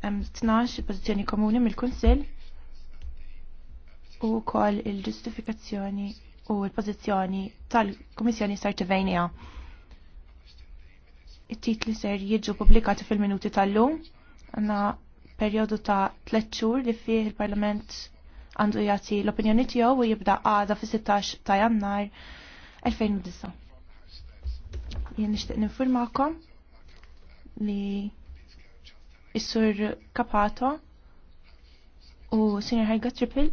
12 il-pozizjoni komuni mill-Kunsill u kol il-ġustifikazzjoni u il-pozizjoni tal-Komissjoni Sartivejnija. It-titli ser jiġu publikati fil-minuti tal-lum għanna periodu ta' tlet xhur li fih il-Parlament għandu jagħti l-opinjoni tiegħu u jibda għada fis-16 ta' Jannar 2009. Jien nixtieq ninfurmakom li is-sur Kapato u Senior Hajga Triple